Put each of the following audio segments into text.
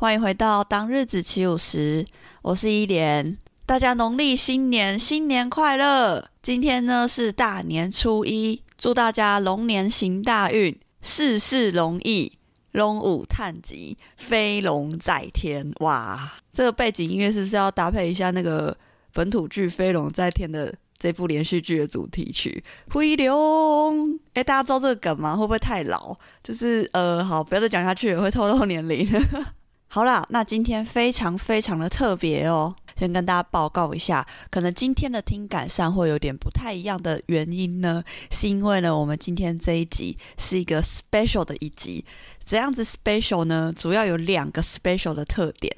歡迎回到當日子起舞時，我是伊蓮。大家農曆新年新年快樂！今天呢是大年初一，祝大家龍年行大運，事事如意，龍舞探吉，飛龍在天哇！這個背景音樂是不是要搭配一下那個本土劇《飛龍在天》的這部連續劇的主題曲？灰龍哎，大家知道這個梗嗎？會不會太老？就是呃，好，不要再講下去了，會透露年齡。 好啦，那今天非常非常的特別哦，先跟大家報告一下，可能今天的聽感上會有點不太一樣的原因呢，是因為呢，我們今天這一集是一個 special 的一集。怎樣子 special 呢？主要有兩個 special 的特點。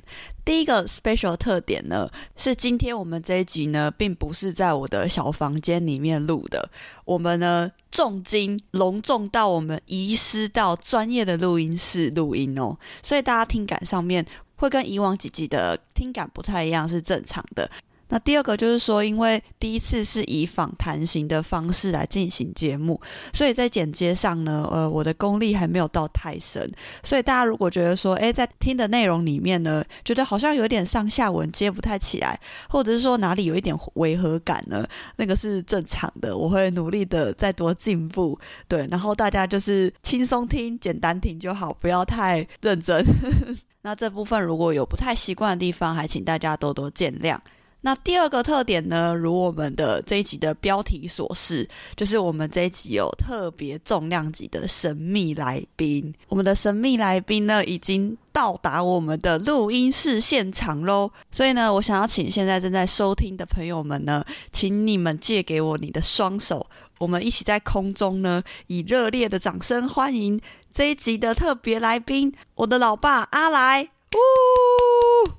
第一個 special 的特點呢，是今天我們這一集呢，並不是在我的小房間裡面錄的，我們呢重金隆重到我們移師到專業的錄音室錄音哦，所以大家聽感上面會跟以往幾集的聽感不太一樣，是正常的。那第二個就是說，因為第一次是以訪談型的方式來進行節目，所以在剪接上呢，呃，我的功力還沒有到太深，所以大家如果覺得說，誒，在聽的內容裡面呢，覺得好像有點上下文接不太起來，或者是說哪裡有一點違和感呢，那個是正常的，我會努力的再多進步，對，然後大家就是輕鬆聽、簡單聽就好，不要太認真。 那這部分如果有不太習慣的地方，還請大家多多見諒。那第二個特點呢，如我們的這一集的標題所示，就是我們這一集有特別重量級的神秘來賓。我們的神秘來賓呢，已經到達我們的錄音室現場嘍。所以呢，我想要請現在正在收聽的朋友們呢，請你們借給我你的雙手，我們一起在空中呢，以熱烈的掌聲歡迎這一集的特別來賓——我的老爸阿來。嗚！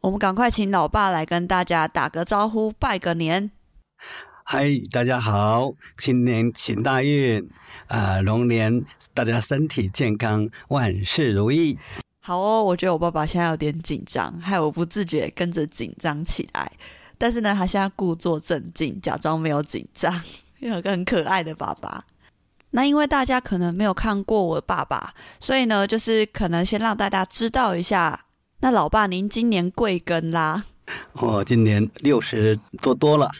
我們趕快請老爸來跟大家打個招呼，拜個年。嗨，大家好，新年行大運啊，呃，龍年大家身體健康，萬事如意。好哦，我覺得我爸爸現在有點緊張，害我不自覺跟着緊張起來。但是呢，他現在故作鎮靜，假裝沒有緊張，又有一個很可愛的爸爸。那因為大家可能沒有看過我爸爸，所以呢，就是可能先讓大家知道一下。那老爸，您今年貴庚啦？哦，今年六十多多了，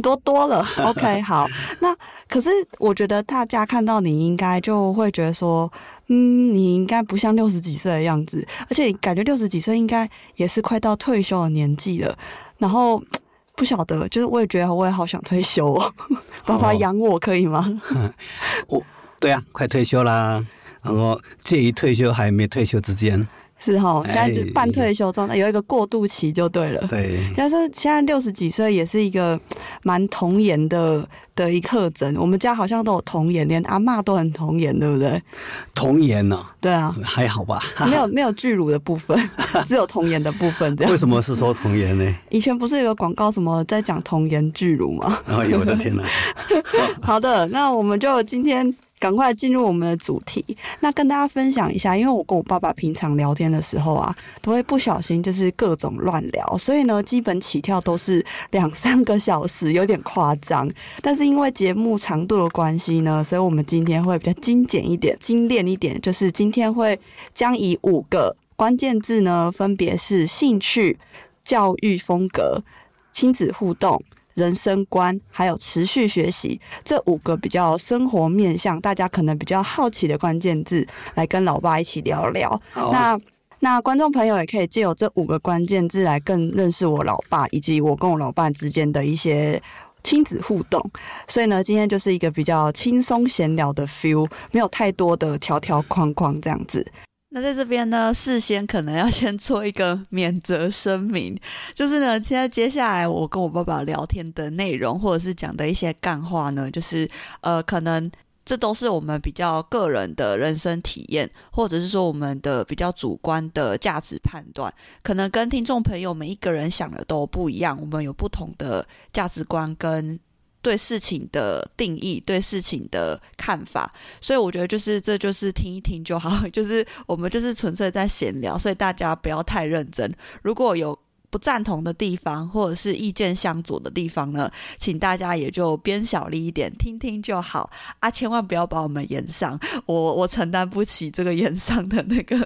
多多了。 OK，好。那可是我覺得大家看到你應該就會覺得說，嗯，你應該不像六十幾歲的樣子，而且感覺六十幾歲應該也是快到退休的年紀了。然後不曉得，就是我也覺得我也好想退休哦，爸爸、哦、養我可以嗎？我、嗯哦、對啊，快退休啦，然、嗯、後介於退休還沒退休之間。是哈，現在就是半退休狀態，欸、有一個過渡期就對了。對，但是現在六十幾歲也是一個蠻童顏的的一個特徵。我們家好像都有童顏，連阿媽都很童顏，對不對？童顏呢、啊？對啊，還好吧？沒有沒有巨乳的部分，只有童顏的部分這樣。為什麼是說童顏呢？以前不是有個廣告什麼在講童顏巨乳嗎？哎呦，我的天哪！ 好的，那我們就今天，趕快進入我們的主題，那跟大家分享一下，因為我跟我爸爸平常聊天的時候啊，都會不小心就是各種亂聊，所以呢，基本起跳都是兩三個小時，有點誇張。但是因為節目長度的關係呢，所以我們今天會比較精簡一點，精煉一點，就是今天會將以五個關鍵字呢，分別是興趣、教育風格、親子互動，人生觀，還有持續學習這五個比較生活面向，大家可能比較好奇的關鍵字，來跟老爸一起聊聊。哦、那那觀眾朋友也可以借由這五個關鍵字來更認識我老爸，以及我跟我老爸之間的一些親子互動。所以呢，今天就是一個比較輕鬆閒聊的 feel，沒有太多的條條框框這樣子。那在這邊呢，事先可能要先做一個免責聲明，就是呢，現在接下來我跟我爸爸聊天的內容，或者是講的一些乾話呢，就是呃，可能這都是我們比較個人的人生體驗，或者是說我們的比較主觀的價值判斷，可能跟聽眾朋友每一個人想的都不一樣，我們有不同的價值觀跟。對事情的定義，對事情的看法，所以我覺得就是，這就是聽一聽就好，就是我們就是純粹在閒聊，所以大家不要太認真。如果有不贊同的地方，或者是意見相左的地方呢，請大家也就鞭小力一點，聽聽就好啊，千萬不要把我們炎上，我我承擔不起這個炎上的那個。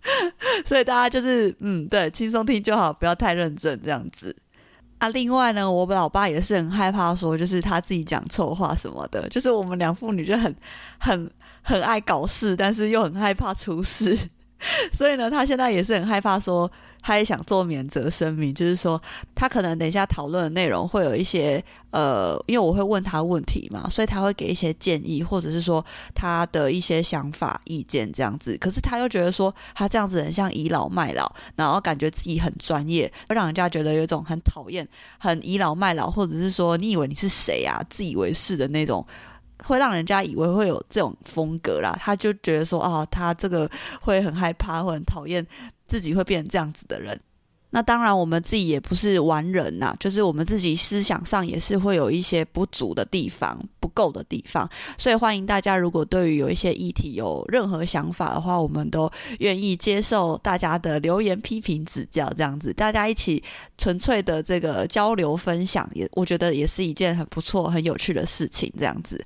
所以大家就是嗯，對，輕鬆聽就好，不要太認真，這樣子。啊，另外呢，我老爸也是很害怕說，就是他自己講錯話什麼的，就是我們兩父女就很、很、很愛搞事，但是又很害怕出事， 所以呢，他現在也是很害怕說。他也想做免責聲明，就是說他可能等一下討論的內容會有一些呃，因為我會問他問題嘛，所以他會給一些建議，或者是說他的一些想法、意見這樣子。可是他又覺得說他這樣子很像倚老賣老，然後感覺自己很專業，會讓人家覺得有一種很討厭、很倚老賣老，或者是說你以為你是誰呀、啊？自以為是的那種，會讓人家以為會有這種風格啦。他就覺得說啊、哦，他這個會很害怕，會很討厭。自己會變成這樣子的人，那當然我們自己也不是完人吶、啊，就是我們自己思想上也是會有一些不足的地方、不夠的地方。所以歡迎大家，如果對於有一些議題有任何想法的話，我們都願意接受大家的留言、批評、指教，這樣子大家一起純粹的這個交流分享，也我覺得也是一件很不錯、很有趣的事情。這樣子，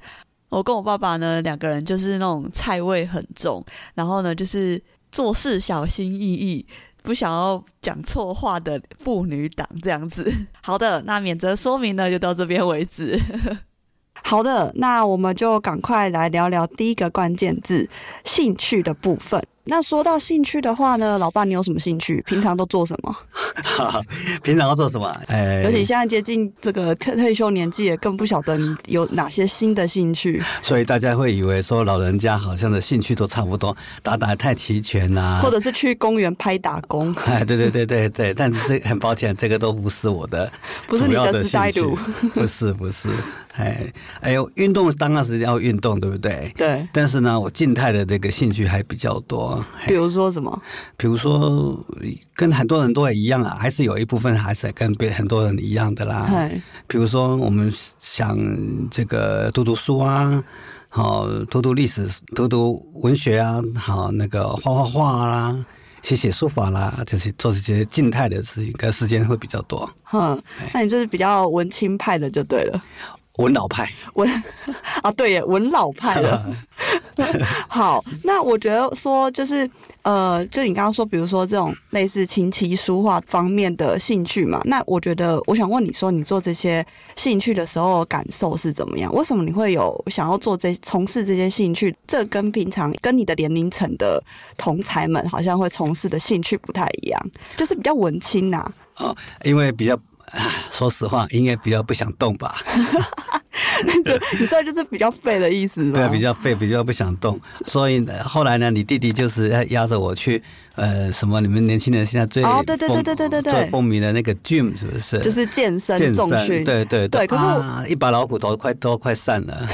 我跟我爸爸呢兩個人就是那種菜味很重，然後呢就是。做事小心翼翼，不想要講錯話的父女檔這樣子。好的，那免責聲明呢，就到這邊為止。 好的，那我們就趕快來聊聊第一個關鍵字——興趣的部分。那說到興趣的話呢，老爸，你有什麼興趣？平常都做什麼？ 好，平常都做什麼？哎，尤其現在接近這個退退休年紀，也更不曉得你有哪些新的興趣。所以大家會以為說，老人家好像的興趣都差不多，打打太極拳啊，或者是去公園拍打工。哎，對對對對對，但這很抱歉， 這個都不是我的,的，不是你的時代度 不是不是，哎哎呦，運動當然是要運動，對不對？對。但是呢，我靜態的這個興趣還比較多。比如說什麼？比如說，跟很多人都也一樣啊，還是有一部分還是跟別很多人一樣的啦。比如說，我們想這個讀讀書啊，好、哦、讀讀歷史、讀讀文學啊，好、哦、那個畫畫畫啦，寫寫書法啦，這、就是、些做這些靜態的事情，的時間會比較多。嗯，那你就是比較文青派的就對了。文老派文啊，對耶，文老派的。 好，那我覺得說就是呃，就你剛剛說，比如說這種類似琴棋書畫方面的興趣嘛，那我覺得我想問你說，你做這些興趣的時候的感受是怎麼樣？為什麼你會有想要做這從事這些興趣？這跟平常跟你的年齡層的同儕們好像會從事的興趣不太一樣，就是比較文青吶、啊。因為比較。說實話，應該比較不想動吧？就是，你知道，就是比較廢的意思，對，比較廢，比較不想動。所以呢，後來呢，你弟弟就是要壓着我去，呃，什麼？你們年輕人現在最哦，對對對，對對對對對對，最風靡的那個 gym 是不是？就是健身重訓，對對對。對可是一把老骨頭快，快都快散了。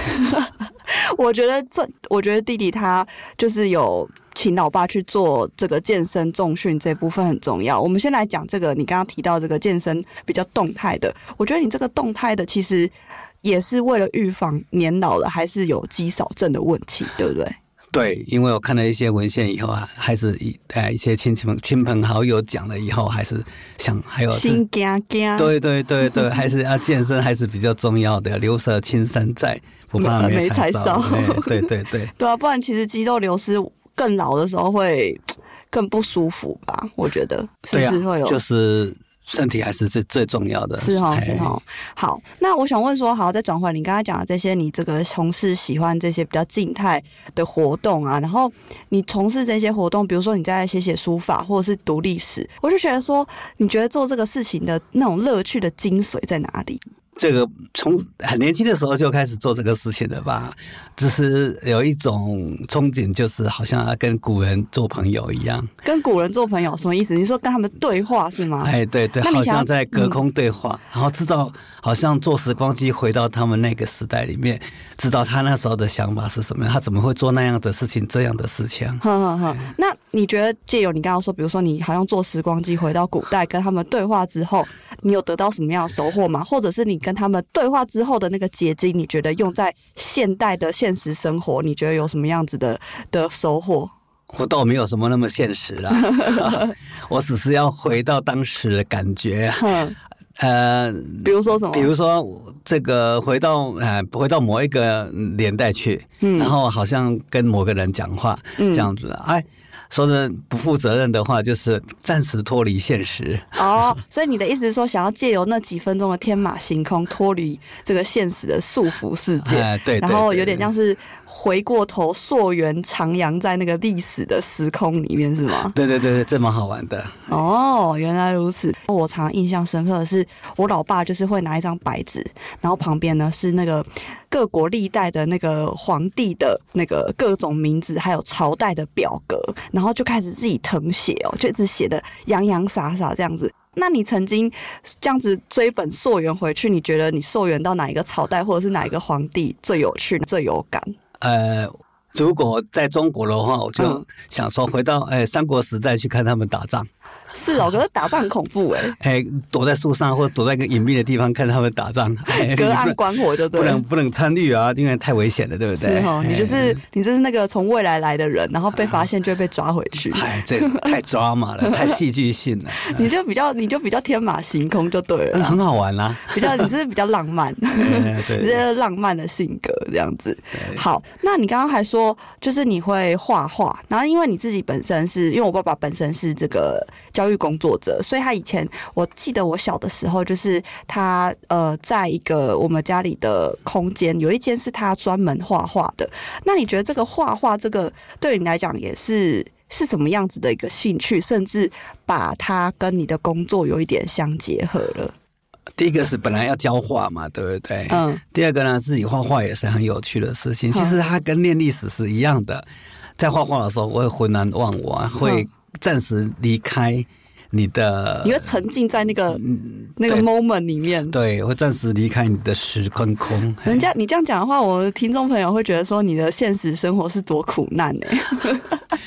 我覺得這，我覺得弟弟他就是有。請老爸去做這個健身重訓，這部分很重要。我們先來講這個，你剛剛提到這個健身比較動態的，我覺得你這個動態的其實也是為了預防年老了還是有肌少症的問題，對不對？對，因為我看了一些文獻以後啊，還是以呃一些親戚們、親朋好友講了以後，還是想還有心驚驚，對對對對，還是啊健身還是比較重要的，留得青山在，不怕沒柴燒。對對對，對， 對啊，不然其實肌肉流失。更老的時候會更不舒服吧？我覺得是不是會有、啊？就是身體還是最最重要的。是哈是哈。好，那我想問說，好，再轉換你剛才講的這些，你這個從事喜歡這些比較靜態的活動啊，然後你從事這些活動，比如說你在寫寫書法或者是讀歷史，我就覺得說，你覺得做這個事情的那種樂趣的精髓在哪裡？這個從很年輕的時候就開始做這個事情了吧？只是有一種憧憬，就是好像要跟古人做朋友一樣。跟古人做朋友什麼意思？你說跟他們對話是嗎？哎，對對，好像在隔空對話，嗯、然後知道好像坐時光機回到他們那個時代裡面，知道他那時候的想法是什麼樣，他怎麼會做那樣的事情、這樣的事情？好好好，那。你覺得借由你剛剛說，比如說你好像坐時光機回到古代跟他們對話之後，你有得到什麼樣的收穫嗎？或者是你跟他們對話之後的那個結晶，你覺得用在現代的現實生活，你覺得有什麼樣子的的收穫？我倒沒有什麼那麼現實啦、啊 啊，我只是要回到當時的感覺。嗯 呃，比如說什麼？比如說這個回到呃回到某一個年代去、嗯，然後好像跟某個人講話、嗯、這樣子、啊，哎。說的不負責任的話，就是暫時脫離現實。哦，所以你的意思是說，想要借由那幾分鐘的天馬行空，脫離這個現實的束縛世界、 哎對對對對，然後有點像是。回過頭溯源，徜徉在那個歷史的時空裡面是嗎？對 對對對，這蠻好玩的。哦，原來如此。我常印象深刻的是，我老爸就是會拿一張白紙，然後旁邊呢是那個各國歷代的那個皇帝的那個各種名字，還有朝代的表格，然後就開始自己謄寫哦，就一直寫的洋洋灑灑這樣子。那你曾經這樣子追本溯源回去，你覺得你溯源到哪一個朝代或者是哪一個皇帝最有趣，最有感？呃，如果在中國的話，我就想說回到誒、嗯哎、三國時代去看他們打仗。是啊，我覺得打仗很恐怖哎！哎、欸，躲在樹上或者躲在一個隱蔽的地方看他們打仗，欸、隔岸觀火就對了。不能不能參與啊，因為太危險了，對不對？是哦，你就是、欸、你就是那個從未來來的人，然後被發現就會被抓回去。哎、欸，這、欸欸、太抓馬了， 太戲劇性了、欸。你就比較你就比較天馬行空就對了，很好玩啊！ 比較你這是比較浪漫，欸、對，就是浪漫的性格這樣子。好，那你剛剛還說就是你會畫畫，然後因為你自己本身是因為我爸爸本身是這個教。教育工作者，所以他以前我記得我小的時候，就是他呃，在一個我們家裡的空間，有一間是他專門畫畫的。那你覺得這個畫畫這個對你來講也是是什麼樣子的一個興趣？甚至把它跟你的工作有一點相結合了？第一個是本來要教畫嘛、嗯，對不對？嗯。第二個呢，自己畫畫也是很有趣的事情。嗯、其實他跟念歷史是一樣的，在畫畫的時候我會渾然忘我，我也渾然忘我，會。暫時離開你的，你會沉浸在那個、嗯、那個 moment 裡面。對，對會暫時離開你的時空空。人家你這樣講的話，我的聽眾朋友會覺得說你的現實生活是多苦難呢。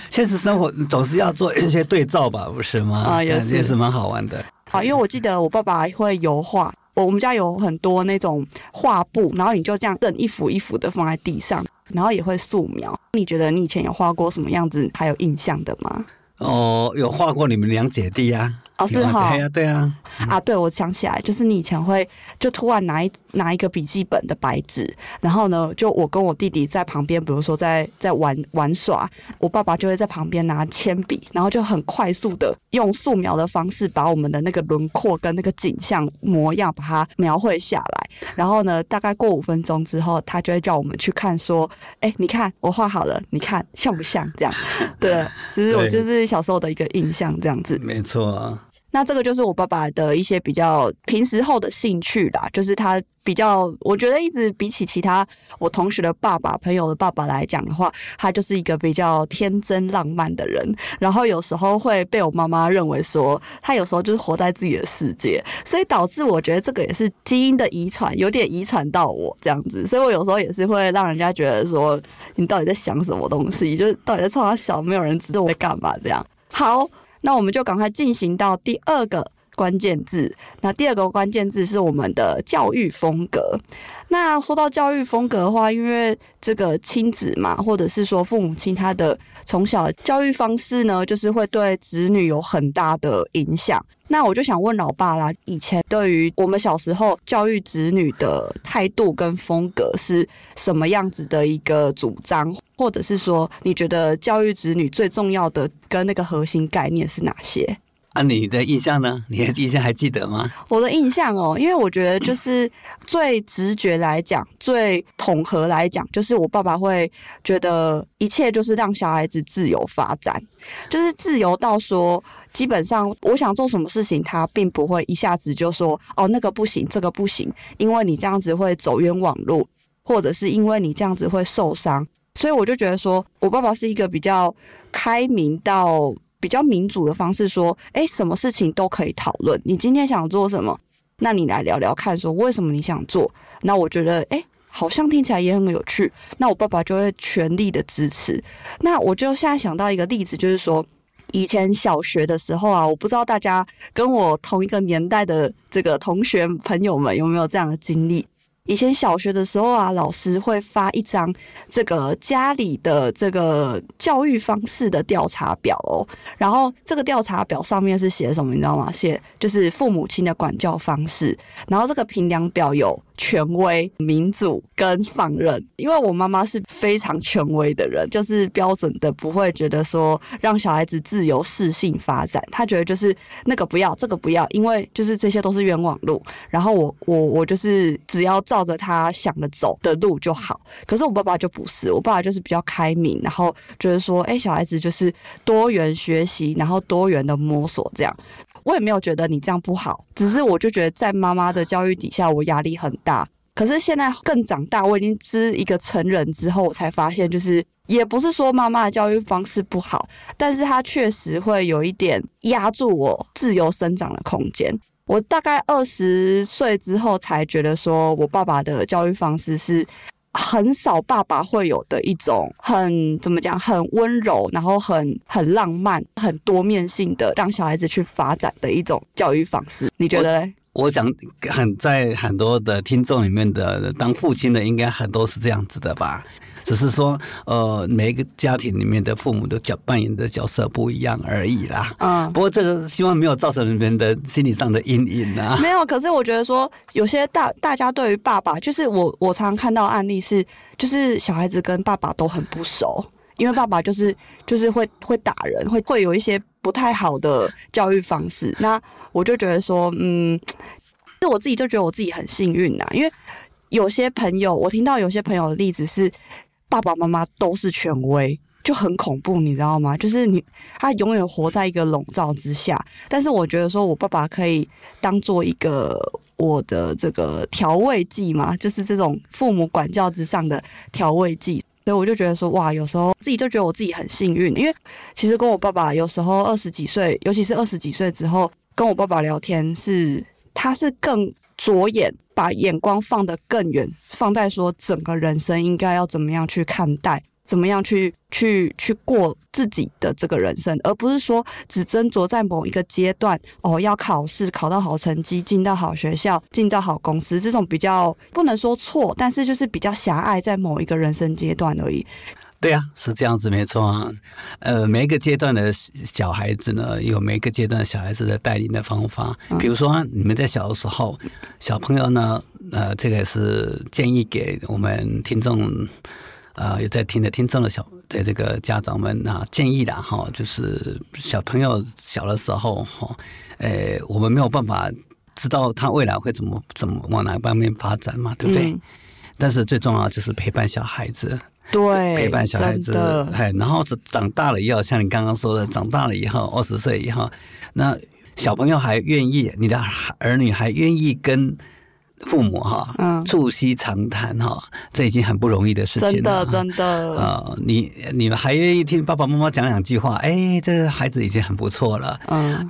現實生活總是要做一些對照吧，不是，是嗎？啊，也是也是蠻好玩的。好，因為我記得我爸爸會油畫，我我們家有很多那種畫布，然後你就這樣整一幅一幅的放在地上，然後也會素描。你覺得你以前有畫過什麼樣子還有印象的嗎？哦，有畫過你們兩姐弟呀、啊。老、哦、師好、嗯啊。對啊，對、嗯、啊。啊，對，我想起來，就是你以前會就突然拿一拿一個筆記本的白紙，然後呢，就我跟我弟弟在旁邊，比如說在在玩玩耍，我爸爸就會在旁邊拿鉛筆，然後就很快速的用素描的方式把我們的那個輪廓跟那個景象模樣把它描繪下來。然後呢，大概過五分鐘之後，他就會叫我們去看，說：“哎、欸，你看我畫好了，你看像不像？”這樣。 對，其實我就是小時候的一個印象，這樣子。 沒錯啊。那這個就是我爸爸的一些比較平時候的興趣啦，就是他比較，我覺得一直比起其他我同學的爸爸、朋友的爸爸來講的話，他就是一個比較天真浪漫的人。然後有時候會被我媽媽認為說，他有時候就是活在自己的世界，所以導致我覺得這個也是基因的遺傳，有點遺傳到我這樣子。所以我有時候也是會讓人家覺得說，你到底在想什麼東西？就是到底在衝三小，沒有人知道我在幹嘛這樣。好。那我們就趕快進行到第二個關鍵字。那第二個關鍵字是我們的教育風格。那說到教育風格的話，因為這個親子嘛，或者是說父母親他的從小的教育方式呢，就是會對子女有很大的影響。那我就想問老爸啦，以前對於我們小時候教育子女的態度跟風格是什麼樣子的一個主張，或者是說你覺得教育子女最重要的跟那個核心概念是哪些？啊，你的印象呢？你的印象還記得嗎？我的印象哦，因為我覺得就是最直覺來講， 最統合來講，就是我爸爸會覺得一切就是讓小孩子自由發展，就是自由到說。基本上，我想做什麼事情，他並不會一下子就說哦，那個不行，這個不行，因為你這樣子會走冤枉路，或者是因為你這樣子會受傷。所以我就覺得說，我爸爸是一個比較開明到比較民主的方式，說，誒、欸，什麼事情都可以討論。你今天想做什麼？那你來聊聊看，說為什麼你想做？那我覺得，誒、欸，好像聽起來也很有趣。那我爸爸就會全力的支持。那我就現在想到一個例子，就是說，以前小學的時候啊，我不知道大家跟我同一個年代的這個同學朋友們有沒有這樣的經歷。以前小學的時候啊，老師會發一張這個家裡的這個教育方式的調查表哦，然後這個調查表上面是寫什麼，你知道嗎？寫就是父母親的管教方式，然後這個評量表有。權威、民主跟放任，因為我媽媽是非常權威的人，就是標準的，不會覺得說讓小孩子自由適性發展，她覺得就是那個不要，這個不要，因為就是這些都是冤枉路。然後我我我就是只要照着他想的走的路就好。可是我爸爸就不是，我爸爸就是比較開明，然後覺得說，哎，小孩子就是多元學習，然後多元的摸索這樣。我也沒有覺得你這樣不好，只是我就覺得在媽媽的教育底下，我壓力很大。可是現在更長大，我已經是一個成人之後，我才發現，就是也不是說媽媽的教育方式不好，但是她確實會有一點壓住我自由生長的空間。我大概二十歲之後才覺得，說我爸爸的教育方式是，很少爸爸會有的一種很怎麼講，很溫柔，然後很很浪漫，很多面性的讓小孩子去發展的一種教育方式，你覺得呢？我，我想很在很多的聽眾裡面的當父親的，應該很多是這樣子的吧。只是說，呃，每一個家庭裡面的父母都角扮演的角色不一樣而已啦。嗯。不過這個希望沒有造成人們的心理上的陰影啊。沒有，可是我覺得說，有些大大家對於爸爸，就是我我常看到案例是，就是小孩子跟爸爸都很不熟，因為爸爸就是就是會會打人，會會有一些不太好的教育方式。那我就覺得說，嗯，我自己就覺得我自己很幸運啦，因為有些朋友，我聽到有些朋友的例子是。爸爸媽媽都是權威，就很恐怖，你知道嗎？就是你，他永遠活在一個籠罩之下。但是我覺得，說我爸爸可以當做一個我的這個調味劑嘛，就是這種父母管教之上的調味劑。所以我就覺得說，哇，有時候自己就覺得我自己很幸運，因為其實跟我爸爸有時候二十幾歲，尤其是二十幾歲之後，跟我爸爸聊天是，他是更着眼。把眼光放得更遠，放在說整個人生應該要怎麼樣去看待，怎麼樣去去去過自己的這個人生，而不是說只斟酌在某一個階段哦，要考試考到好成績，進到好學校，進到好公司，這種比較不能說錯，但是就是比較狹隘，在某一個人生階段而已。對啊，是這樣子，沒錯啊。呃，每一個階段的小孩子呢，有每一個階段小孩子的帶領的方法、嗯。比如說，你們在小的時候，小朋友呢，呃，這個也是建議給我們聽眾啊、呃，有在聽的聽眾的小，的這個家長們啊，建議的哈，就是小朋友小的時候哈，呃，我們沒有辦法知道他未來會怎麼怎麼往哪方面發展嘛，對不對、嗯？但是最重要就是陪伴小孩子。對，陪伴小孩子，哎，然後長長大了以後，像你剛剛說的，長大了以後，二十歲以後，那小朋友還願意，你的兒女還願意跟父母哈、啊，嗯、促膝長談哈、啊，這已經很不容易的事情了，真的，啊、呃，你你們還願意聽爸爸媽媽講兩句話？哎，這孩子已經很不錯了，嗯。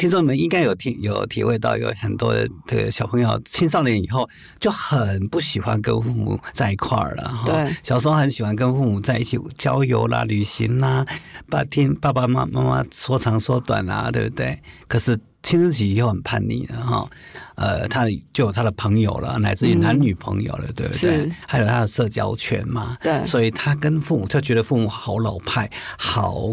聽說你們應該有聽，有體會到，有很多的小朋友青少年以後就很不喜歡跟父母在一塊兒了哈、哦。小時候很喜歡跟父母在一起郊遊啦、旅行啦，爸聽爸爸媽媽媽說長說短啦、啊，對不對？可是青春期以後很叛逆的。呃，他就有他的朋友了，乃至於男女朋友了，嗯、對不對？是。還有他的社交圈嘛？對。所以，他跟父母，他覺得父母好老派，好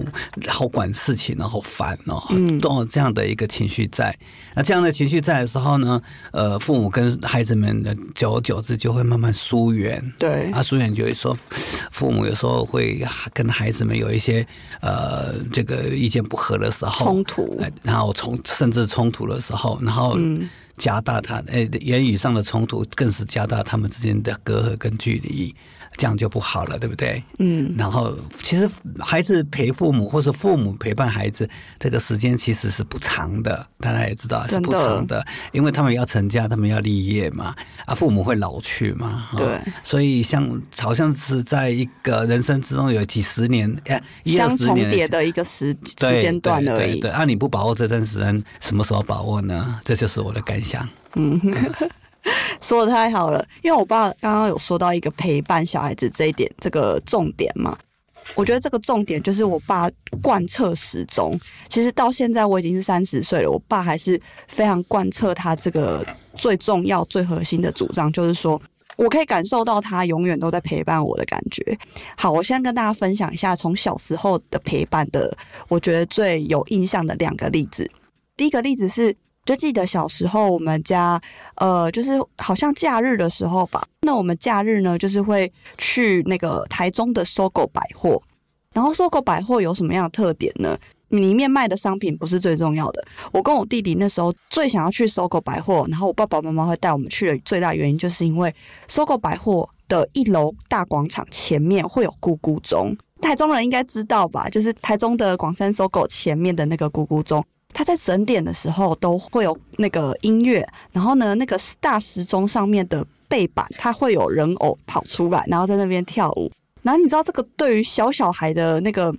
好管事情、哦，然後煩哦，嗯，都有這樣的一個情緒在。那這樣的情緒在的時候呢，呃，父母跟孩子們的久而久之就會慢慢疏遠。對。啊，疏遠就會說，父母有時候會跟孩子們有一些呃，這個意見不合的時候衝突，然後衝，甚至衝突的時候，然後嗯。加大他，誒，言語上的衝突，更是加大他們之間的隔閡跟距離。這樣就不好了，對不對？嗯。然後，其實孩子陪父母，或是父母陪伴孩子，這個時間其實是不長的。大家也知道是不長的，的，因為他們要成家，他們要立業嘛。啊，父母會老去嘛。哦、對。所以像，像好像是在一個人生之中有幾十年，哎、啊，相重疊的一個時時間段而已。對對，對，對、啊、你不把握這段時間，什麼時候把握呢？這就是我的感想。嗯。 說得太好了，因為我爸剛剛有說到一個陪伴小孩子這一點，這個重點嘛，我覺得這個重點就是我爸貫徹始終。其實到現在我已經是三十歲了，我爸還是非常貫徹他這個最重要、最核心的主張，就是說我可以感受到他永遠都在陪伴我的感覺。好，我先跟大家分享一下從小時候的陪伴的，我覺得最有印象的兩個例子。第一個例子是。就記得小時候我們家，呃，就是好像假日的時候吧。那我們假日呢，就是會去那個台中的 SOGO 百貨。然後 SOGO 百貨有什麼樣的特點呢？裡面賣的商品不是最重要的。我跟我弟弟那時候最想要去 SOGO 百貨，然後我爸爸媽媽會帶我們去的最大原因，就是因為 SOGO 百貨的一樓大廣場前面會有咕咕鐘。台中的人應該知道吧？就是台中的廣三 SOGO 前面的那個咕咕鐘。他在整點的時候都會有那個音樂，然後呢，那個大時鐘上面的背板，它會有人偶跑出來，然後在那邊跳舞。然後你知道這個對於小小孩的那個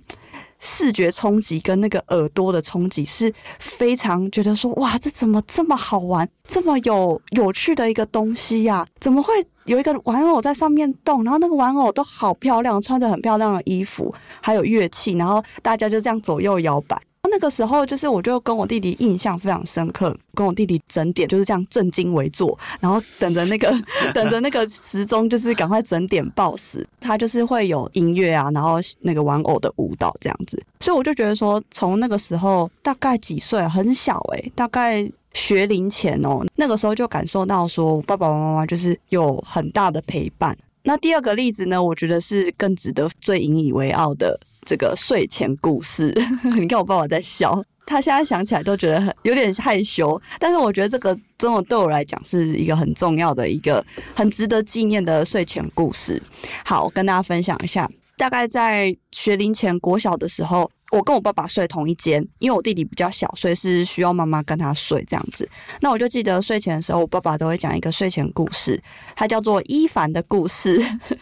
視覺衝擊跟那個耳朵的衝擊是非常覺得說哇，這怎麼這麼好玩，這麼有有趣的一個東西呀，怎麼會有一個玩偶在上面動？然後那個玩偶都好漂亮，穿着很漂亮的衣服，還有樂器，然後大家就這樣左右搖擺。那個時候，就是我就跟我弟弟印象非常深刻，跟我弟弟整點就是這樣正襟危坐，然後等着那個等着那個時鐘，就是趕快整點報時。他就是會有音樂啊，然後那個玩偶的舞蹈這樣子。所以我就覺得說，從那個時候大概幾歲，很小哎、欸，大概學齡前哦，那個時候就感受到說爸爸媽媽就是有很大的陪伴。那第二個例子呢，我覺得是更值得最引以為傲的。這個睡前故事，你看我爸爸在笑，他現在想起來都覺得很有點害羞。但是我覺得這個真的對我來講是一個很重要的一個很值得紀念的睡前故事。好，我跟大家分享一下。大概在學齡前國小的時候，我跟我爸爸睡同一間，因為我弟弟比較小，所以是需要媽媽跟他睡這樣子。那我就記得睡前的時候，我爸爸都會講一個睡前故事，它叫做《伊凡的故事。》 《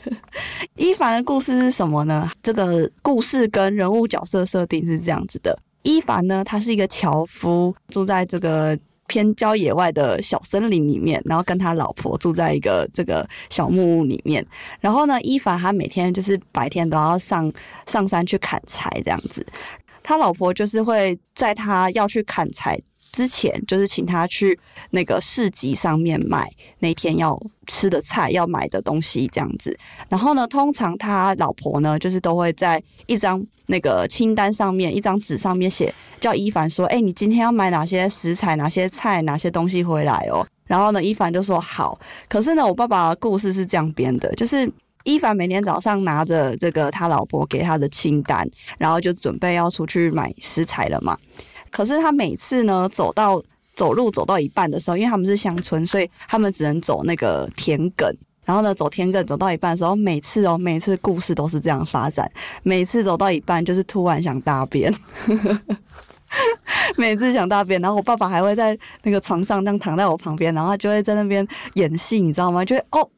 伊凡的故事》是什麼呢？這個故事跟人物角色設定是這樣子的：伊凡呢，他是一個樵夫，住在這個，偏郊野外的小森林裡面，然後跟他老婆住在一個這個小木屋裡面。然後呢，伊凡他每天就是白天都要上上山去砍柴這樣子。他老婆就是會在他要去砍柴之前，就是請他去那個市集上面買那天要吃的菜、要買的東西這樣子。然後呢，通常他老婆呢就是都會在一張。那個清單上面，一張紙上面寫，叫伊凡說：“誒、欸，你今天要買哪些食材，哪些菜，哪些東西回來哦。”然後呢，伊凡就說：“好。”可是呢，我爸爸的故事是這樣編的，就是伊凡每天早上拿着這個他老婆給他的清單，然後就準備要出去買食材了嘛。可是他每次呢，走到走路走到一半的時候，因為他們是鄉村，所以他們只能走那個田埂。然後呢，走天梗，走到一半的時候，每次哦，每次故事都是這樣發展，每次走到一半就是突然想大便， 每次想大便，然後我爸爸還會在那個床上這樣躺在我旁邊，然後他就會在那邊演戲，你知道嗎？就會哦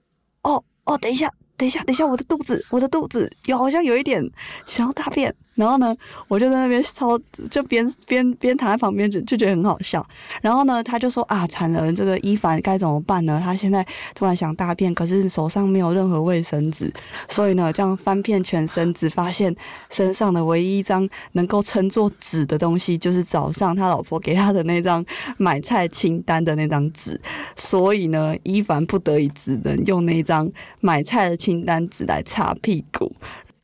哦哦，等一下，等一下，等一下，我的肚子，我的肚子有好像有一點想要大便。然後呢，我就在那邊抄，就邊邊邊躺在旁邊，就就覺得很好笑。然後呢，他就說啊，慘了，這個伊凡該怎麼辦呢？他現在突然想大便，可是手上沒有任何衛生紙，所以呢，這樣翻遍全身，只發現身上的唯一一張能夠稱作紙的東西，就是早上他老婆給他的那張買菜清單的那張紙。所以呢，伊凡不得已只能用那張買菜的清單紙來擦屁股。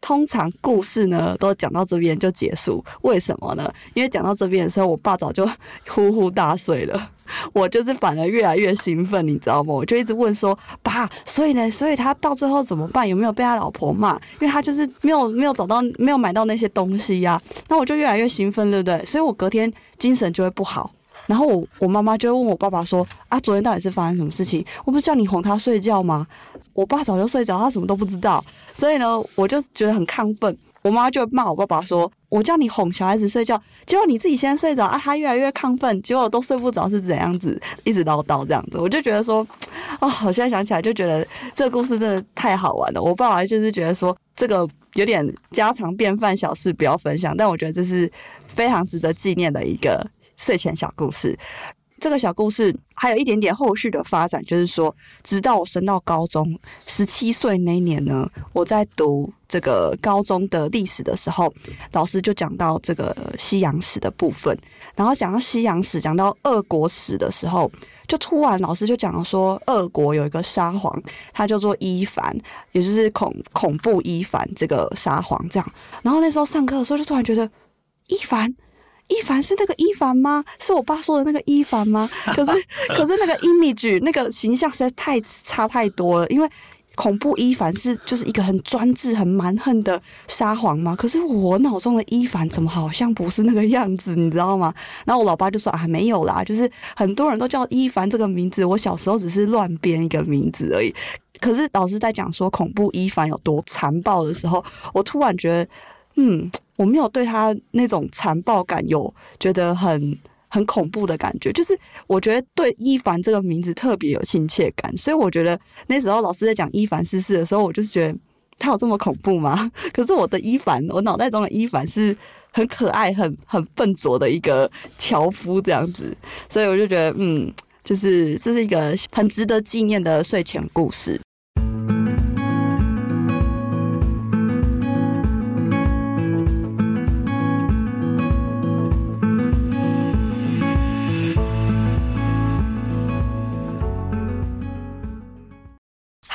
通常故事呢都講到這邊就結束，為什麼呢？因為講到這邊的時候，我爸早就呼呼大睡了。我就是反而越來越興奮，你知道嗎？我就一直問說，爸，所以呢，所以他到最後怎麼辦？有沒有被他老婆罵？因為他就是沒有沒有找到沒有買到那些東西呀、啊。那我就越來越興奮，對不對？所以我隔天精神就會不好。然後我我媽媽就會問我爸爸說，啊，昨天到底是發生什麼事情？我不是叫你哄他睡覺嗎？我爸早就睡着，他什麼都不知道，所以呢，我就覺得很亢奮。我媽就罵我爸爸說：“我叫你哄小孩子睡覺，結果你自己先睡着啊！”他越來越亢奮，結果都睡不着是怎樣子？一直嘮叨這樣子，我就覺得說，哦，我現在想起來就覺得這個故事真的太好玩了。我爸還就是覺得說這個有點家常便飯小事不要分享，但我覺得這是非常值得紀念的一個睡前小故事。這個小故事還有一點點後續的發展，就是說，直到我升到高中，十七歲那一年呢，我在讀這個高中的歷史的時候，老師就講到這個西洋史的部分，然後講到西洋史，講到俄國史的時候，就突然老師就講到說，俄國有一個沙皇，他叫做伊凡，也就是恐恐怖伊凡這個沙皇這樣，然後那時候上課的時候就突然覺得，伊凡。伊凡，是那個伊凡嗎？是我爸說的那個伊凡嗎？可是，可是那個 image，那個形象實在太差太多了。因為恐怖伊凡，是就是一個很專制、很蠻橫的沙皇嘛。可是我腦中的伊凡，怎麼好像不是那個樣子？你知道嗎？然後我老爸就說：“啊，沒有啦，就是很多人都叫伊凡這個名字，我小時候只是亂編一個名字而已。”可是老師在講說恐怖伊凡有多殘暴的時候，我突然覺得，嗯。我沒有對他那種殘暴感有覺得很很恐怖的感覺，就是我覺得對伊凡這個名字特別有親切感，所以我覺得那時候老師在講伊凡逝世的時候，我就是覺得他有這麼恐怖嗎？可是我的伊凡，我腦袋中的伊凡是很可愛、很很笨拙的一個樵夫這樣子，所以我就覺得嗯，就是這是一個很值得紀念的睡前故事。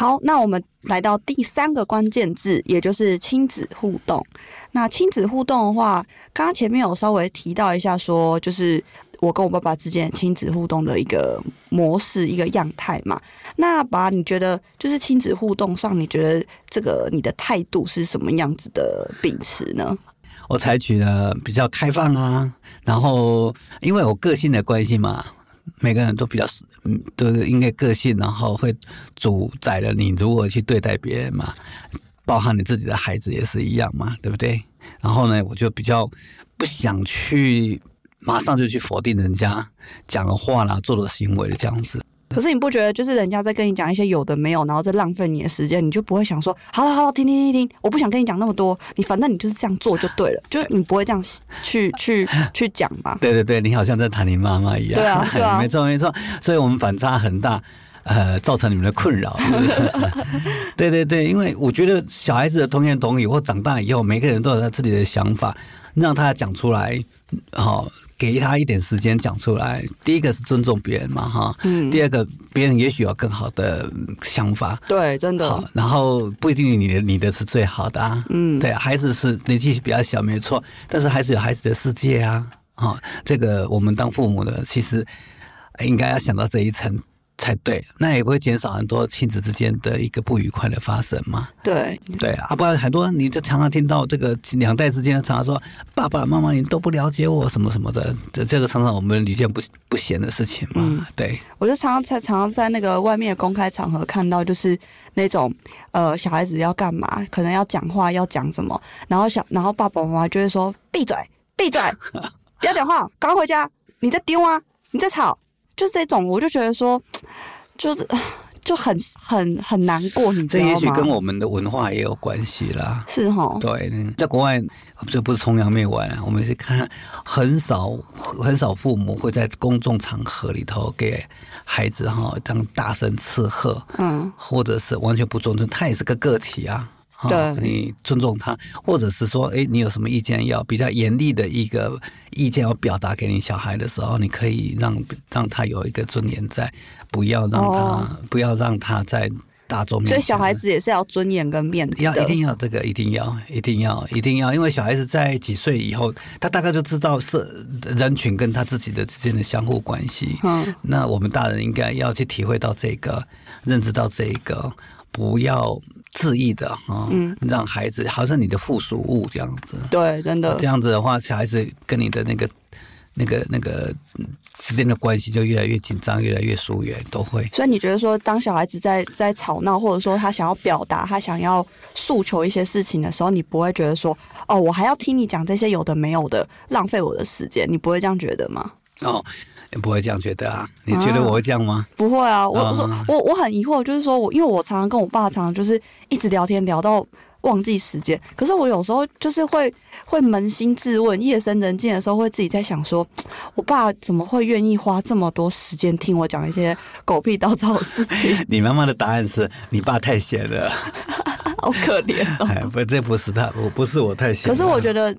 好，那我們來到第三個關鍵字，也就是親子互動。那親子互動的話，剛剛前面有稍微提到一下說，說就是我跟我爸爸之間親子互動的一個模式、一個樣態嘛。那爸，你覺得就是親子互動上，你覺得這個你的態度是什麼樣子的秉持呢？我採取了比較開放啊，然後因為我個性的關係嘛。每個人都比較是，嗯，都是應該個性，然後會主宰了你如何去對待別人嘛，包含你自己的孩子也是一樣嘛，對不對？然後呢，我就比較不想去，馬上就去否定人家講了話啦，做了行為這樣子。可是你不覺得，就是人家在跟你講一些有的沒有，然後在浪費你的時間，你就不會想說，好了好了，聽聽聽聽，我不想跟你講那麼多，你反正你就是這樣做就對了，就是你不會這樣去 去去講吧？對對對，你好像在談你媽媽一樣。對啊，對啊 沒錯沒錯，所以我們反差很大，呃，造成你們的困擾。 對對對，因為我覺得小孩子的童言童語或長大以後，每個人都有他自己的想法，讓他講出來，好、哦。給他一點時間講出來。第一個是尊重別人嘛，哈。嗯。第二個，別人也許有更好的想法。對，真的。好，然後不一定你的你的是最好的啊。嗯。對，孩子是你年紀比較小，沒錯，但是孩子有孩子的世界啊。哦，這個我們當父母的其實應該要想到這一層。才對，那也不會減少很多親子之間的一個不愉快的發生嘛。對對啊，不然很多你就常常聽到這個兩代之間常常說爸爸媽媽你都不了解我什麼什麼的，這這個常常我們屢見不不鮮的事情嘛，嗯。對。我就常常常常在那個外面公開場合看到，就是那種呃小孩子要幹嘛，可能要講話要講什麼，然後小然後爸爸媽媽就會說閉嘴閉嘴，嘴 不要講話，趕快回家，你在丟啊，你在吵。就這種，我就覺得說，就是就很很很難過，你知道嗎？這也許跟我們的文化也有關係啦，是哦？對，在國外就不是崇洋媚外啊，我們是看很少很少父母會在公眾場合裡頭給孩子哈、哦，當大聲斥喝，嗯，或者是完全不尊重他，也是個個體啊。對，你尊重他，或者是說，哎、欸，你有什麼意見要比較嚴厲的一個意見要表達給你小孩的時候，你可以讓讓他有一個尊嚴在，不要讓他、哦、不要讓他在大眾面前。所以小孩子也是要尊嚴跟面子，要一定要這個，一定要一定要一定要，因為小孩子在幾歲以後，他大概就知道是人群跟他自己的之間的相互關係。嗯，那我們大人應該要去體會到這個，認知到這個，不要。自意的啊、哦嗯，讓孩子好像你的附屬物這樣子。對，真的這樣子的話，小孩子跟你的那個、那個、那個之間的關係就越來越緊張，越來越疏遠，都會。所以你覺得說，當小孩子在在吵鬧，或者說他想要表達，他想要訴求一些事情的時候，你不會覺得說，哦，我還要聽你講這些有的沒有的，浪費我的時間，你不會這樣覺得嗎？哦。也不會這樣覺得啊？你覺得我會這樣嗎？啊、不會啊！我我說我我很疑惑，就是說我因為我常常跟我爸，常常就是一直聊天聊到忘記時間。可是我有時候就是會會捫心自問，夜深人靜的時候會自己在想說，說我爸怎麼會願意花這麼多時間聽我講一些狗屁倒灶的事情？ 你媽媽的答案是你爸太閒了， 好可憐哦、哎！不，這不是他，我不是我太閒。可是我覺得，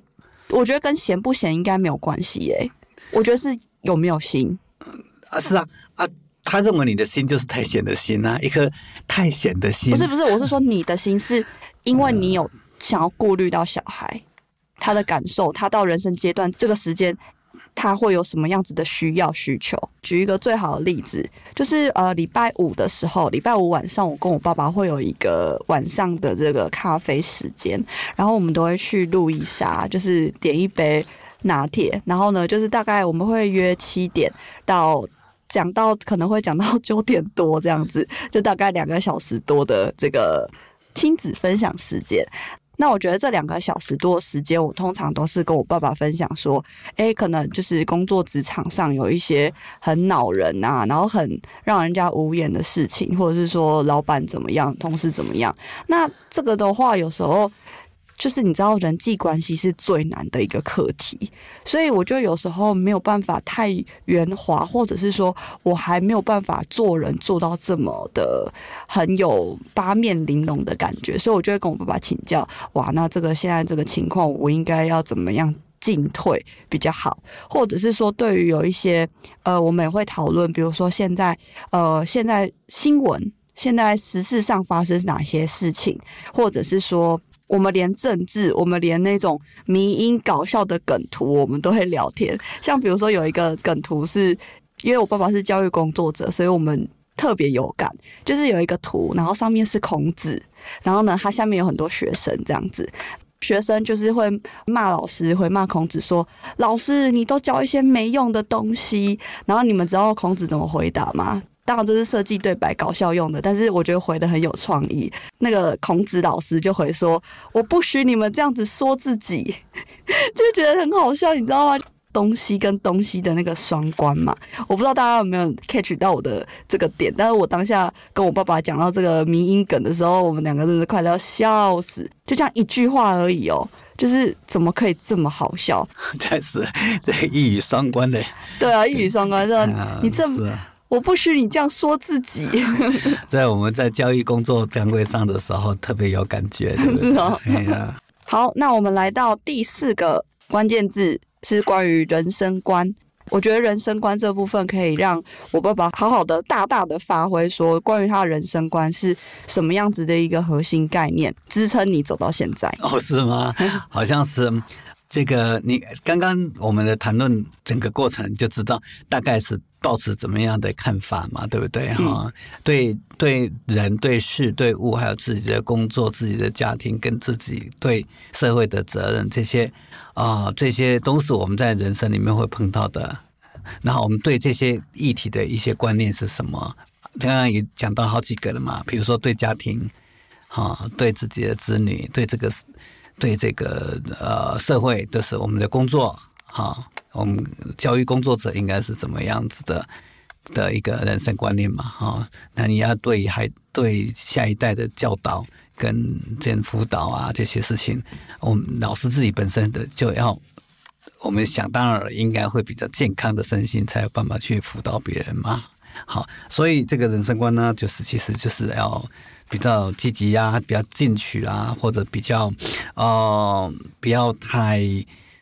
我覺得跟閒不閒應該沒有關係誒、欸，我覺得是。有沒有心、嗯、啊？是啊，啊，他認為你的心就是太閒的心啊，一顆太閒的心。不是，不是，我是說你的心是，因為你有想要顧慮到小孩、嗯、他的感受，他到人生階段這個時間，他會有什麼樣子的需要需求？舉一個最好的例子，就是呃，禮拜五的時候，禮拜五晚上，我跟我爸爸會有一個晚上的這個咖啡時間，然後我們都會去路易莎，就是點一杯。拿鐵，然後呢，就是大概我們會約七點到講到，可能會講到九點多這樣子，就大概兩個小時多的這個親子分享時間。那我覺得這兩個小時多的時間，我通常都是跟我爸爸分享說，誒，可能就是工作職場上有一些很惱人啊，然後很讓人家無言的事情，或者是說老板怎麼樣，同事怎麼樣。那這個的話，有時候。就是你知道，人際關係是最難的一個課題，所以我就有時候沒有辦法太圓滑，或者是說我還沒有辦法做人做到這麼的很有八面玲瓏的感覺，所以我就會跟我爸爸請教：哇，那這個現在這個情況，我應該要怎麼樣進退比較好？或者是說，對於有一些呃，我們也會討論，比如說現在呃，現在新聞，現在時事上發生哪些事情，或者是說。我們連政治，我們連那種迷因搞笑的梗圖，我們都會聊天。像比如說有一個梗圖是，因為我爸爸是教育工作者，所以我們特別有感。就是有一個圖，然後上面是孔子，然後呢，他下面有很多學生，這樣子。學生就是會罵老師，會罵孔子說，說老師你都教一些沒用的東西。然後你們知道孔子怎麼回答嗎？當然這是設計對白搞笑用的，但是我覺得回的很有創意。那個孔子老師就回說：“我不許你們這樣子說自己。 ”就覺得很好笑，你知道嗎？東西跟東西的那個雙關嘛，我不知道大家有沒有 catch 到我的這個點。但是我當下跟我爸爸講到這個迷音梗的時候，我們兩個真是快要笑死。就這樣一句話而已哦，就是怎麼可以這麼好笑？但是這是一語雙關的。對啊，一語雙關，這、嗯嗯、你這麼。我不許你這樣說自己， 在我們在教育工作單位上的時候特別有感覺， 對不對 是、哦哎、好，那我們來到第四個關鍵字是關於人生觀。我覺得人生觀這部分可以讓我爸爸好好的、大大的發揮，說關於他的人生觀是什麼樣子的一個核心概念，支撐你走到現在。哦，是嗎？好像是 這個。你剛剛我們的談論整個過程你就知道，大概是。抱持怎麼樣的看法嘛？對不對哈？嗯、對對人、對事、對物，還有自己的工作、自己的家庭，跟自己對社會的責任，這些啊、呃，這些都是我們在人生裡面會碰到的。然後我們對這些議題的一些觀念是什麼？剛剛也講到好幾個了嘛，比如說對家庭，哈、呃，對自己的子女，對這個，對這個呃呃社會，都、就是我們的工作，哈、呃。我們教育工作者應該是怎麼樣子的的一個人生觀念嘛？哈，那你要對還對下一代的教導跟這些輔導啊這些事情，我們老師自己本身的就要，我們想當然應該會比較健康的身心才有辦法去輔導別人嘛。好，所以這個人生觀呢，就是其實就是要比較積極呀、啊，比較進取啊，或者比較哦不要太。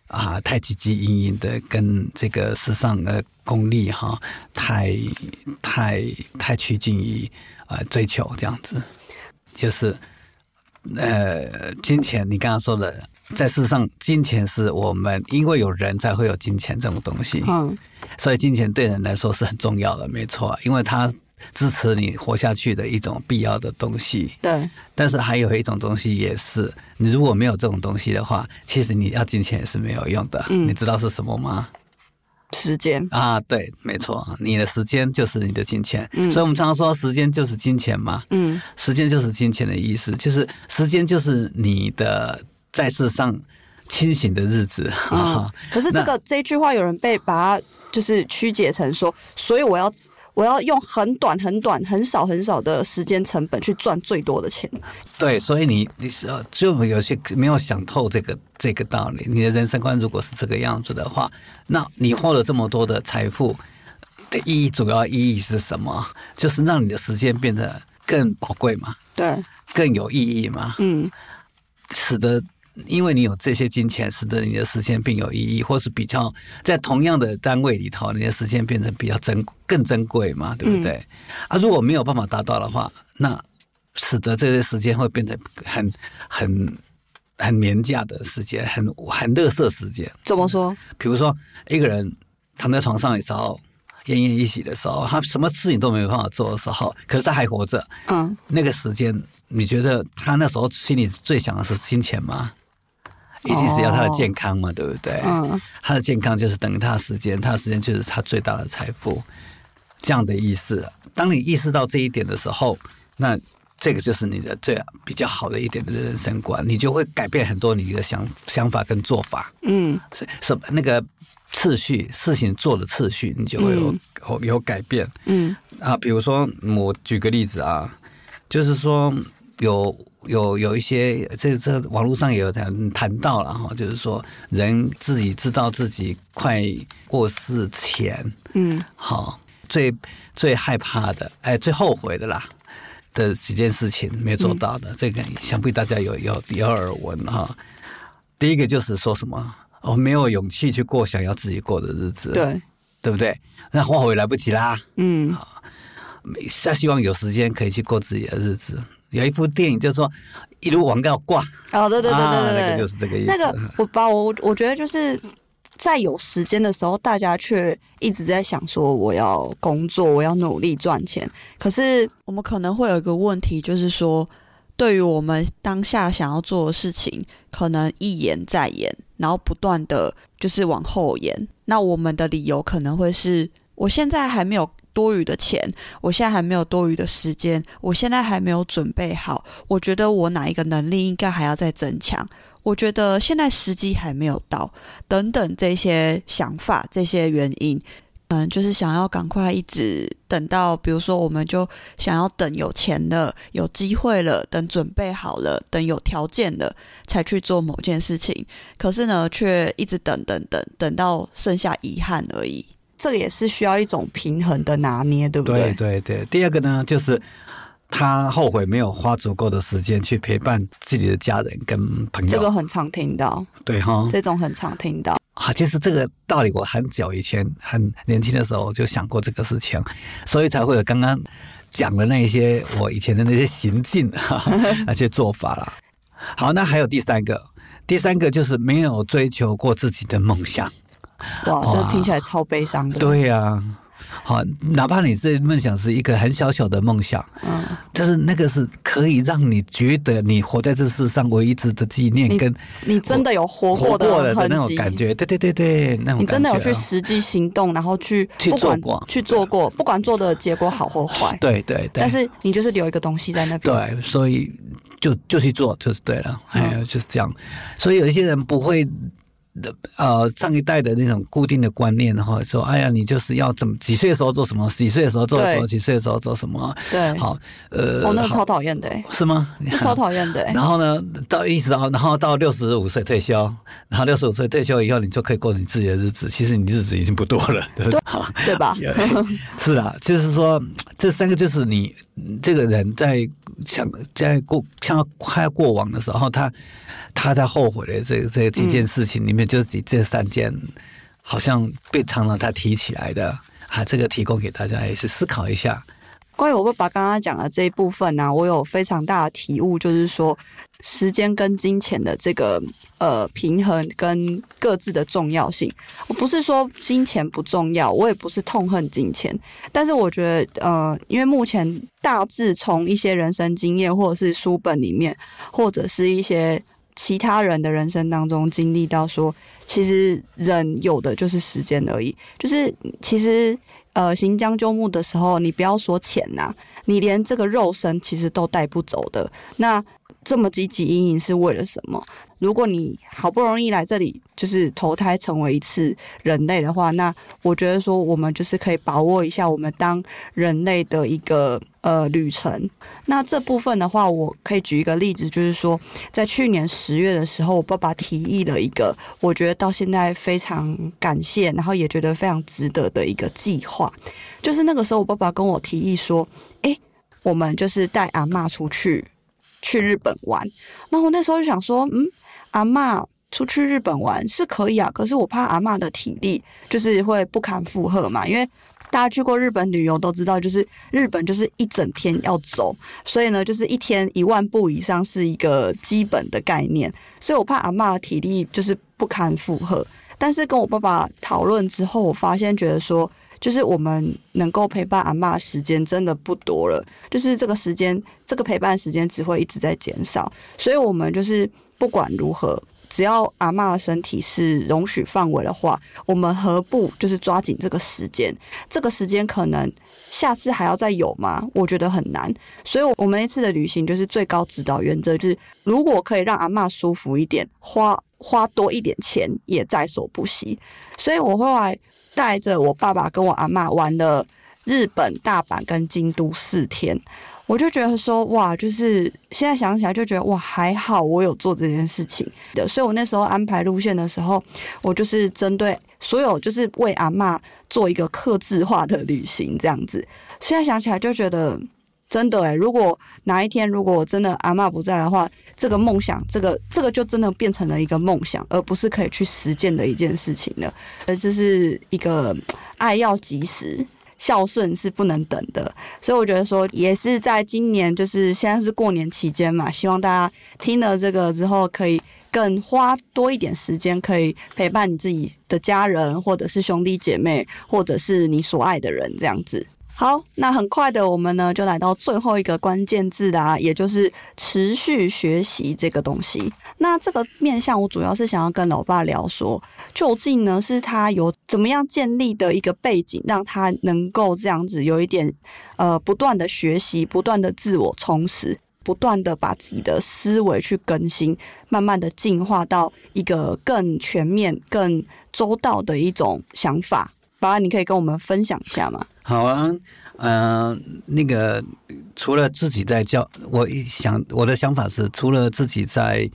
啊，太汲汲營營的，跟這個世上的功利哈，太太太趨近於啊追求這樣子，就是呃，金錢。你剛剛說的，在世上，金錢是我們因為有人才會有金錢這種東西，嗯，所以金錢對人來說是很重要的，沒錯，因為他。支持你活下去的一種必要的東西。對，但是還有一種東西也是，你如果沒有這種東西的話，其實你要金錢也是沒有用的。嗯，你知道是什麼嗎？時間啊，對，沒錯，你的時間就是你的金錢。嗯，所以我們常說時間就是金錢嘛。嗯，時間就是金錢的意思，就是時間就是你的在世上清醒的日子，嗯。呵呵。可是這個，這一句話有人被把它就是曲解成說，所以我要。我要用很短、很短、很少、很少的時間成本去賺最多的錢。對，所以你你是就有些沒有想透這個這個道理。你的人生觀如果是這個樣子的話，那你花了這麼多的財富的意義，主要意義是什麼？就是讓你的時間變得更寶貴嘛，對，更有意義嘛，嗯，使得。因為你有這些金錢，使得你的時間並有意義，或是比較在同樣的單位裡頭，你的時間變得比較珍更珍貴嘛，對不對、嗯？啊，如果沒有辦法達到的話，那使得這些時間會變得很很很廉價的時間，很很垃圾時間。怎麼說？比、嗯、如說，一個人躺在床上的時候，奄奄一息的時候，他什麼事情都沒有辦法做的時候，可是他還活着，嗯，那個時間，你覺得他那時候心裡最想的是金錢嗎？一級是要他的健康嘛，哦、對不對、嗯？他的健康就是等於他的時間，他的時間就是他最大的財富，這樣的意思。當你意識到這一點的時候，那這個就是你的最比較好的一點的人生觀，你就會改變很多你的想想法跟做法。嗯，所以那個次序，事情做的次序，你就會有、嗯、有改變。嗯，啊，比如說我舉個例子啊，就是說。有有有一些，這這網絡上也有談談到了哈、哦，就是說人自己知道自己快過世前，嗯，好、哦、最最害怕的，哎，最後悔的啦的幾件事情沒做到的、嗯，這個想必大家有有有耳聞哈。第一個就是說什麼，哦，沒有勇氣去過想要自己過的日子，對，對不對？那後悔來不及啦，嗯，啊、哦，下希望有時間可以去過自己的日子。有一部電影就是說一路玩到掛。哦，對對對，對，對，啊，那個就是這個意思。那個，我把我我覺得就是在有時間的時候，大家卻一直在想說我要工作，我要努力賺錢。可是我們可能會有一個問題，就是說對於我們當下想要做的事情，可能一延再延，然後不斷的就是往後延。那我們的理由可能會是，我現在還沒有。多餘的錢，我現在還沒有多餘的時間，我現在還沒有準備好。我覺得我哪一個能力應該還要再增強？我覺得現在時機還沒有到，等等這些想法、這些原因，嗯，就是想要趕快一直等到，比如說，我們就想要等有錢了、有機會了、等準備好了、等有條件了才去做某件事情。可是呢，却一直等等等，等到剩下遺憾而已。這也是需要一種平衡的拿捏，對不對？對對對。第二個呢，就是他後悔沒有花足夠的時間去陪伴自己的家人跟朋友，這個很常聽到，對哈，這種很常聽到。好、啊，其實這個道理我很久以前很年輕的時候就想過這個事情，所以才會有剛剛講的那些我以前的那些行徑、啊、那些做法了。 好，那還有第三個，第三個就是沒有追求過自己的夢想。哇，這聽起來超悲傷的。對呀、啊，好、啊，哪怕你這夢想是一個很小小的夢想，嗯，但、就是那個是可以讓你覺得你活在這世上唯一的紀念，你跟你真的有活過，的，活過的那種感覺。對對對對，那種感覺、啊、你真的有去實際行動，然後去不管，去做過，不管做的結果好或壞，對，對對。但是你就是留一個東西在那邊，對。所以就就去做就是對了，嗯、哎呀，就是這樣。所以有一些人不會。呃，上一代的那種固定的觀念的、哦、話，說，哎呀，你就是要怎麼幾歲的時候做什麼，幾歲的時候做什麼，幾歲的時候做，時候時候做什麼，對，好，呃，我、哦、那個超討厭的，是嗎？那個、超討厭的。然後呢，到一直然後然後到六十五歲退休，嗯、然後六十五歲退休以後，你就可以過你自己的日子。其實你日子已經不多了，對吧？對吧？ 是啊，就是說這三個就是你這個人在。像在過，像快過往的時候，他他在後悔的這這幾件事情裡面就幾，就、嗯、這這三件，好像被常常他提起來的啊，這個提供給大家也是思考一下。關於我爸爸剛剛講的這一部分呢、啊，我有非常大的體悟，就是說，時間跟金錢的這個呃平衡跟各自的重要性。我不是說金錢不重要，我也不是痛恨金錢，但是我覺得呃，因為目前大致從一些人生經驗，或者是書本裡面，或者是一些其他人的人生當中經歷到說，說其實人有的就是時間而已，就是其實。呃，行將就木的時候，你不要說錢吶、啊，你連這個肉身其實都帶不走的。那。這麼積極陰影是為了什麼？如果你好不容易來這裡，就是投胎成為一次人類的話，那我覺得說我們就是可以把握一下我們當人類的一個呃旅程。那這部分的話，我可以舉一個例子，就是說在去年十月的時候，我爸爸提議了一個，我覺得到現在非常感謝，然後也覺得非常值得的一個計劃。就是那個時候，我爸爸跟我提議說：“誒，我們就是帶阿媽出去。”去日本玩，那我那時候就想說，嗯，阿嬤出去日本玩是可以啊，可是我怕阿嬤的體力就是會不堪負荷嘛，因為大家去過日本旅遊都知道，就是日本就是一整天要走，所以呢，就是一天一萬步以上是一個基本的概念，所以我怕阿嬤體力就是不堪負荷。但是跟我爸爸討論之後，我發現覺得說。就是我們能夠陪伴阿嬤的時間真的不多了，就是這個時間，這個陪伴時間只會一直在減少，所以我們就是不管如何，只要阿嬤的身體是容許範圍的話，我們何不就是抓緊這個時間？這個時間可能下次還要再有嗎？我覺得很難，所以我們一次的旅行就是最高指導原則就是，如果可以讓阿嬤舒服一點，花花多一點錢也在所不惜。所以，我後來。帶着我爸爸跟我阿嬤玩了日本大阪跟京都四天，我就覺得說哇，就是現在想起來就覺得哇，還好我有做這件事情的，所以我那時候安排路線的時候，我就是針對所有就是為阿嬤做一個客製化的旅行這樣子，現在想起來就覺得真的哎、欸，如果哪一天如果真的阿嬤不在的話。這個夢想，這個這個就真的變成了一個夢想，而不是可以去實踐的一件事情了。呃，這是一個愛要及時，孝順是不能等的。所以我覺得說，也是在今年，就是現在是過年期間嘛，希望大家聽了這個之後，可以更花多一點時間，可以陪伴你自己的家人，或者是兄弟姐妹，或者是你所愛的人，這樣子。好，那很快的，我們呢，就來到最後一個關鍵字啦，也就是持續學習這個東西。那這個面向，我主要是想要跟老爸聊說，究竟呢，是他有怎麼樣建立的一個背景，讓他能夠這樣子有一點呃不斷的學習，不斷的自我充實，不斷的把自己的思維去更新，慢慢的進化到一個更全面、更周到的一種想法。爸，你可以跟我們分享一下嗎？好啊，嗯、呃，那個除了自己在教，我一想我的想法是，除了自己在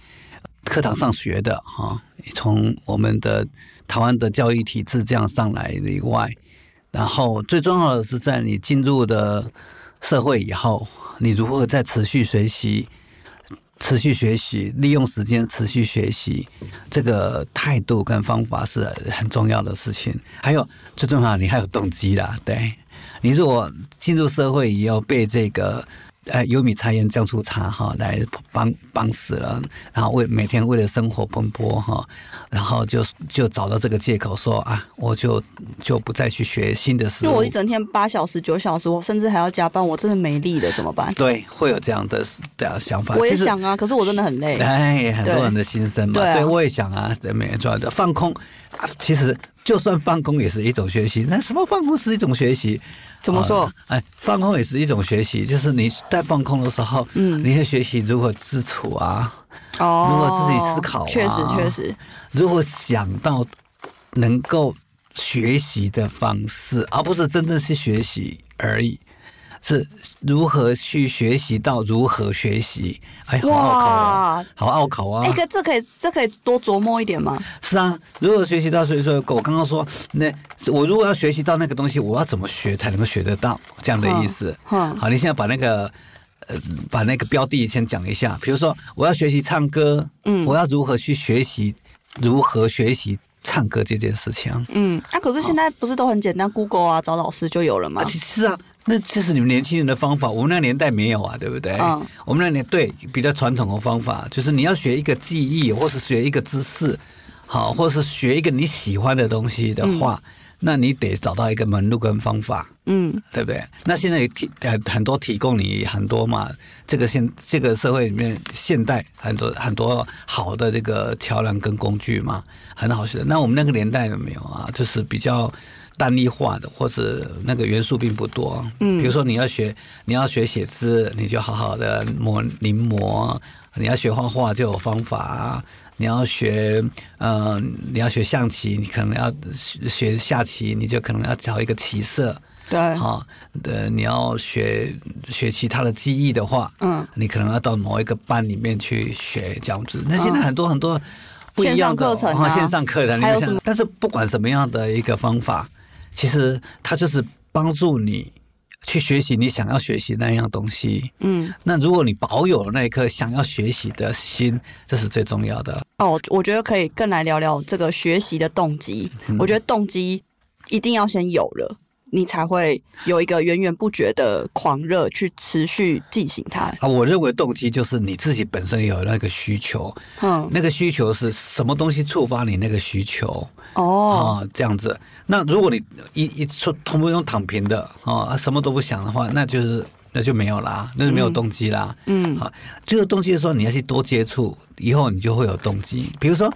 課堂上學的哈，從我們的台灣的教育體制，這樣上來以外，然後最重要的是在你進入的社會以後，你如何再持續學習。持續學習，利用時間持續學習，這個態度跟方法是很重要的事情。還有最重要，你還有動機啦。對，你如果進入社會，也要被這個。哎、呃，柴米油鹽醬醋茶哈，來幫幫死了，然後為每天為了生活奔波哈，然後就就找到這個借口說啊，我就就不再去學新的事。因為我一整天八小時九小時，我甚至還要加班，我真的沒力了，怎麼辦？對，會有這樣的，這樣的想法。我也想啊，可是我真的很累。哎，很多人的心聲嘛對、啊，對，我也想啊，每天的放空、啊，其實就算放空也是一種學習。那什麼放空是一種學習？怎麼說？哎，放空也是一種學習，就是你在放空的時候，嗯，你會學習如何自處啊，哦，如何自己思考啊，確實確實，如何想到能夠學習的方式，而、啊，不是真正去學習而已。是如何去學習到如何學習？哎、啊，哇，好拗口啊！哎、欸、哥，可這可以，這可以多琢磨一點嗎？是啊，如何學習到？所以說，我剛剛說，那我如果要學習到那個東西，我要怎麼學才能夠學得到？這樣的意思。嗯嗯、好，你現在把那個、呃、把那個標的先講一下。比如說，我要學習唱歌，嗯，我要如何去學習，如何學習唱歌這件事情？嗯，那、啊、可是現在不是都很簡單？Google 啊，找老師就有了嘛？是啊。那這是你們年輕人的方法，嗯、我們那年代沒有啊，對不對？嗯、我們那年對比較傳統的方法，就是你要學一個技藝，或是學一個知識，好，或是學一個你喜歡的東西的話，嗯、那你得找到一個門路跟方法，嗯，對不對？那現在也提很多提供你很多嘛，這個現這個社會裡面現代很多很多好的這個橋樑跟工具嘛，很好學的。那我們那個年代有沒有啊？就是比較。單一化的或者那個元素並不多，嗯，比如說你要學你要學寫字，你就好好的摹臨摹；你要學畫畫就有方法；你要學嗯、呃，你要學象棋，你可能要學下棋，你就可能要找一個棋社，對，好、啊，的、呃、你要學學其他的技藝的話，嗯，你可能要到某一個班裡面去學這樣子。那現在很多很多不一樣的課程、嗯，線上課程、啊啊線上課程啊，但是不管什麼樣的一個方法。其實它就是幫助你去學習你想要學習那樣東西。嗯，那如果你保有那一顆想要學習的心，這是最重要的。哦，我覺得可以更來聊聊這個學習的動機。嗯，我覺得動機一定要先有了。你才會有一個源源不絕的狂熱去持續進行它啊！我認為動機就是你自己本身有那個需求，嗯，那個需求是什麼東西觸發你那個需求？哦，啊、這樣子。那如果你一一通不用躺平的啊，什麼都不想的話，那就是那就沒有啦，那就沒有動機啦。嗯，好、嗯，這、啊、個動機是說，你要去多接觸，以後你就會有動機。比如說，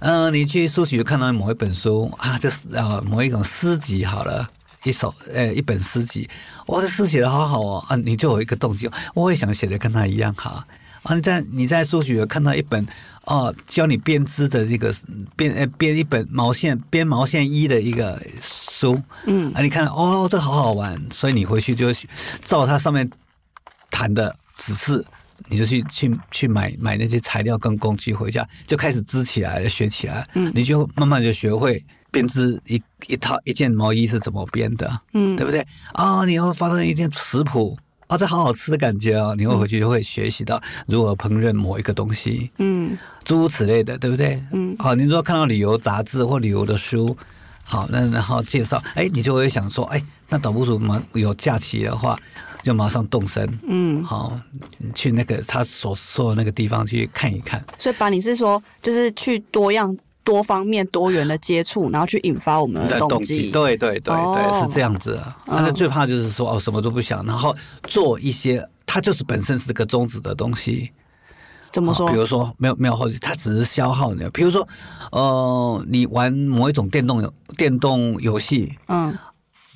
嗯、呃，你去書局看到某一本書啊，就是啊、呃、某一種詩集好了。一首，呃、欸，一本詩集，哇，這詩寫的好好哦，啊，你就有一個動機，我也想寫的跟他一樣好。啊，你在你在書局看到一本，哦、啊，教你編織的這個編，呃編一本毛線編毛線衣的一個書，嗯，啊，你看，哦，這好好玩，所以你回去就照它上面彈的指示，你就去去去買買那些材料跟工具回家，就開始織起來，學起來，你就慢慢就學會。編織一一套一件毛衣是怎麼編的？嗯，對不對？啊、哦，你又發生一件食譜啊、哦，這好好吃的感覺哦。你會回去就會學習到如何烹飪某一個東西，嗯，諸如此類的，對不對？嗯，好，您如果看到旅遊雜誌或旅遊的書，好，那然後介紹，哎，你就會想說，哎，那倒不如嘛有假期的話，就馬上動身，嗯，好，去那個他所說的那個地方去看一看，所以把你是說就是去多樣。多方面多元的接觸，然後去引發我們的動機。對對對對、哦，是這樣子的。那、嗯、最怕就是說哦什麼都不想，然後做一些它就是本身是個終止的東西。怎麼說？啊、比如說沒有沒有後續，它只是消耗你。比如說，呃，你玩某一種電動電動遊戲，嗯，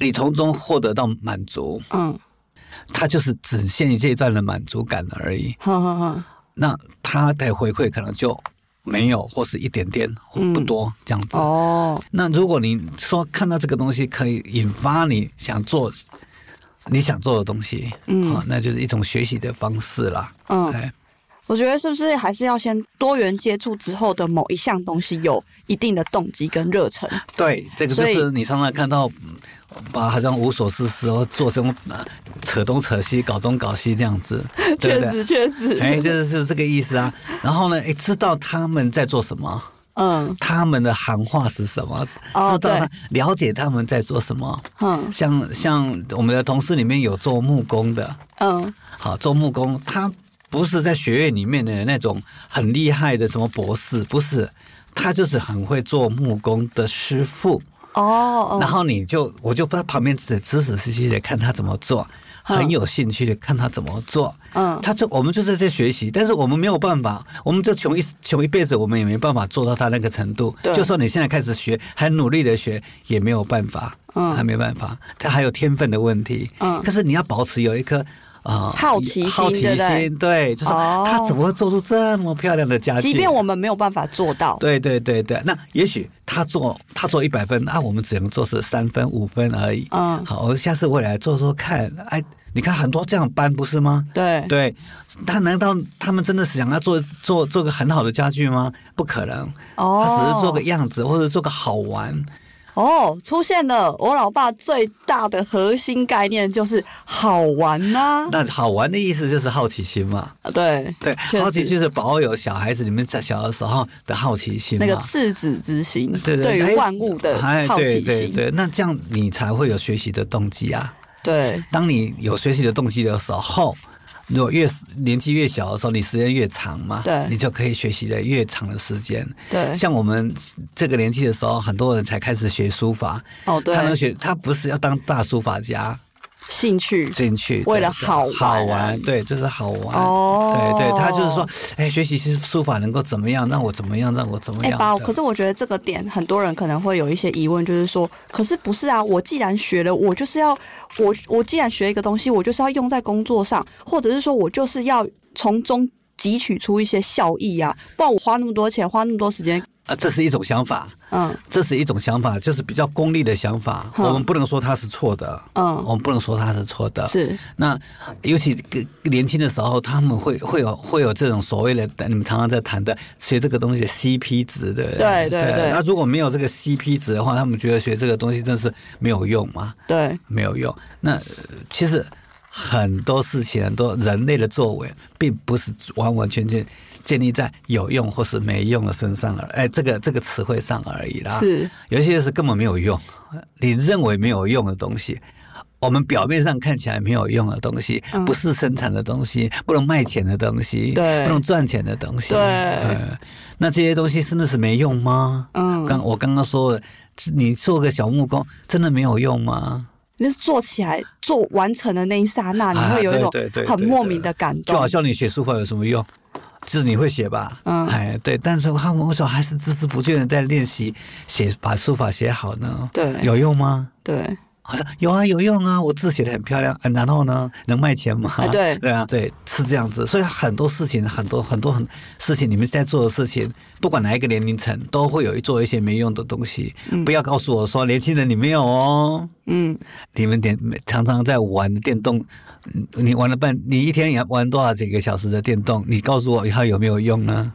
你從中獲得到滿足，嗯，它就是只限於這一段的滿足感而已。呵呵呵那它的回饋可能就。沒有，或是一點點，或不多、嗯，這樣子。哦，那如果你說看到這個東西可以引發你想做你想做的東西，嗯，哦、那就是一種學習的方式啦。嗯，我覺得是不是還是要先多元接觸之後的某一項東西，有一定的動機跟熱忱。對，這個就是你常常看到。把好像無所事事，哦，後做什麼扯東扯西、搞東搞西這樣子，確實確實，哎、欸，就是就是這個意思啊。 然後呢，哎、欸，知道他們在做什麼，嗯，他們的行話是什麼，哦、對，知道了解他們在做什麼，嗯，像像我們的同事裡面有做木工的，嗯，好做木工，他不是在學院裡面的那種很厲害的什麼博士，不是，他就是很會做木工的師傅。哦、oh, oh，然後你就我就在旁邊仔仔細細的看他怎麼做，嗯，很有興趣的看他怎麼做。嗯，他就我們就是在學習，但是我們沒有辦法，我們就窮一窮一輩子，我們也沒辦法做到他那個程度。就算你現在開始學，很努力的學，也沒有辦法，嗯，還沒辦法，他還有天分的問題。嗯，可是你要保持有一顆。啊、哦，好奇心，嗯，好奇心，對，對，對，就是他怎麼會做出這麼漂亮的家具？即便我們沒有辦法做到，對對對對，那也許他做他做一百分啊，我們只能做是三分五分而已。嗯，好，我下次我也來做做看。哎，你看很多這樣搬不是嗎？對對，他難道他們真的是想要做做做個很好的家具嗎？不可能，他只是做個樣子，哦、或者做個好玩。哦，出現了！我老爸最大的核心概念就是好玩吶、啊。那好玩的意思就是好奇心嘛？啊、對對，好奇就是保有小孩子你們在小的時候的好奇心，那個赤子之心，對對，對，對於萬物的好奇心、哎。對對對，那這樣你才會有學習的動機啊！對，當你有學習的動機的時候。如果越年紀越小的時候，你時間越長嘛，對你就可以學習的越長的時間。對，像我們這個年紀的時候，很多人才開始學書法。哦，對，他能學，他不是要當大書法家。興趣興趣，為了好玩，好玩，對，就是好玩。哦，對，對他就是說，哎、欸，學習書法能夠怎麼樣？讓我怎麼樣？讓我怎麼樣？哎、欸，爸，可是我覺得這個點，很多人可能會有一些疑問，就是說，可是不是啊？我既然學了，我就是要我我既然學一個東西，我就是要用在工作上，或者是說我就是要從中汲取出一些效益啊，不然我花那麼多錢，花那麼多時間。嗯啊，這是一種想法，嗯，這是一種想法，就是比較功利的想法。嗯，我們不能說它是錯的，嗯，我們不能說它是錯的。是那尤其年輕的時候，他們會會有會有這種所謂的你們常常在談的學這個東西的 CP 值的對不對？對對對，對。那如果沒有這個 CP 值的話，他們覺得學這個東西真的是沒有用嗎？對，沒有用。那其實很多事情很多人類的作為，並不是完完全全。建立在有用或是沒用的身上，而哎、欸，這個這個詞彙上而已啦。是，有些是根本沒有用，你認為沒有用的東西，我們表面上看起來沒有用的東西，嗯、不是生產的東西，不能賣錢的東西，對、嗯，不能賺錢的東西，對，西對、呃。那這些東西真的是沒用嗎？嗯。剛我剛剛說，你做個小木工真的沒有用嗎？那是做起來做完成的那一剎那，你會有一種很莫名的感動。啊、對對對對對感動。就好像你學書法有什麼用？字你會寫吧？嗯，哎，對，但是他們為什麼還是孜孜不倦的在練習寫，寫，把書法寫好呢？對，有用嗎？對。說有啊，有用啊！我字寫的很漂亮，啊，然後呢，能賣錢嗎？哎，對，對啊，對，是這樣子。所以很多事情，很多很多很事情，你們在做的事情，不管哪一個年齡層，都會有做一些沒用的東西。嗯、不要告訴我說年輕人你沒有哦，嗯，你們點常常在玩電動，你玩了半，你一天也玩多少幾個小時的電動？你告訴我以後有沒有用呢？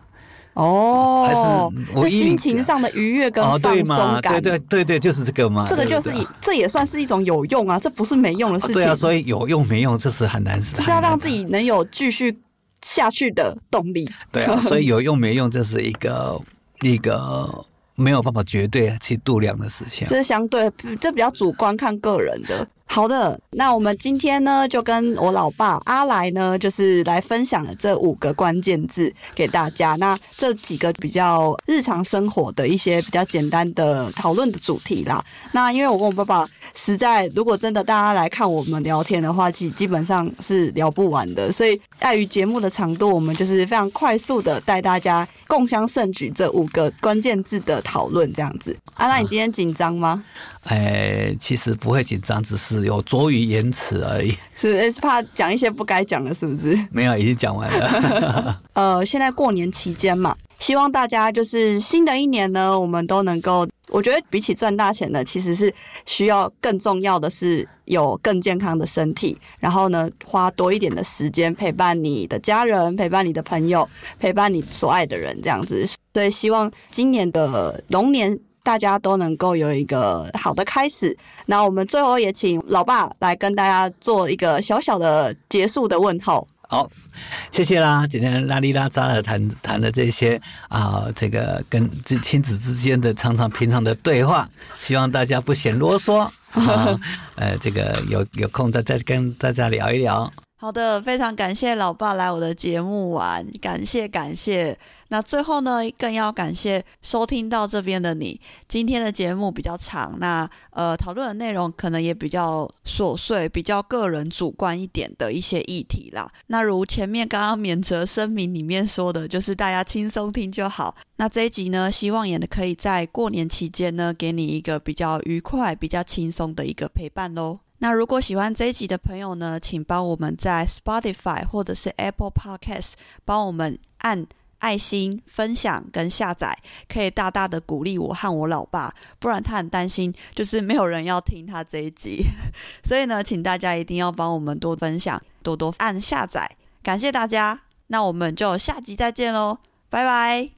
哦，還是，我是心情上的愉悅跟放鬆感，啊對，對對對對，就是這個嘛。這個就是對對，啊，這也算是一種有用啊，這不是沒用的事情。啊對啊，所以有用沒用，這是很難。就是要讓自己能有繼續下去的動力。啊對啊，所以有用沒用，這是一個一個沒有辦法絕對去度量的事情。這是相對，這比較主觀，看個人的。好的，那我們今天呢，就跟我老爸阿來呢，就是來分享了這五個關鍵字給大家。那這幾個比較日常生活的一些比較簡單的討論的主題啦。那因為我跟我爸爸實在，如果真的大家來看我們聊天的話，基基本上是聊不完的，所以礙於節目的長度，我們就是非常快速的帶大家共襄盛舉這五個關鍵字的討論這樣子。阿來，你今天緊張嗎？啊哎、欸，其實不會緊張，只是有拙於言辭而已。是，是怕講一些不該講的，是不是？ 沒有，已經講完了。 呃，現在過年期間嘛，希望大家就是新的一年呢，我們都能夠，我覺得比起賺大錢呢，其實是需要更重要的是有更健康的身體，然後呢，花多一點的時間陪伴你的家人，陪伴你的朋友，陪伴你所愛的人，這樣子。所以，希望今年的龍年。大家都能夠有一個好的開始，那我們最後也請老爸來跟大家做一個小小的結束的問候。好、oh，謝謝啦！今天拉里拉扎的談談的這些啊，這個跟這親子之間的常常平常的對話，希望大家不嫌囉嗦、 啊、呃，這個有有空再再跟大家聊一聊。好的，非常感謝老爸來我的節目玩、啊，感謝感謝。那最後呢，更要感謝收聽到這邊的你。今天的節目比較長，那呃，討論的內容可能也比較瑣碎，比較個人主觀一點的一些議題啦。那如前面剛剛免責聲明裡面說的，就是大家輕鬆聽就好。那這一集呢，希望也可以在過年期間呢，給你一個比較愉快、比較輕鬆的一個陪伴嘍。那如果喜歡這一集的朋友呢，請幫我們在 Spotify 或者是 Apple Podcast 幫我們按。愛心分享跟下載可以大大的鼓勵我和我老爸，不然他很擔心，就是沒有人要聽他這一集。 所以呢，請大家一定要幫我們多分享，多多按下載，感謝大家。那我們就下集再見嘍，拜拜。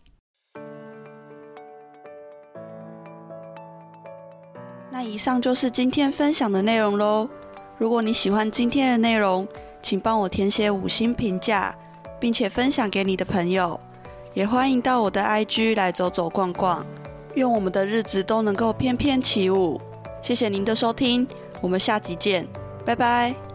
那以上就是今天分享的內容嘍。如果你喜歡今天的內容，請幫我填寫五星評價，並且分享給你的朋友。也歡迎到我的 IG 來走走逛逛，願我們的日子都能夠翩翩起舞。謝謝您的收聽，我們下集見，拜拜。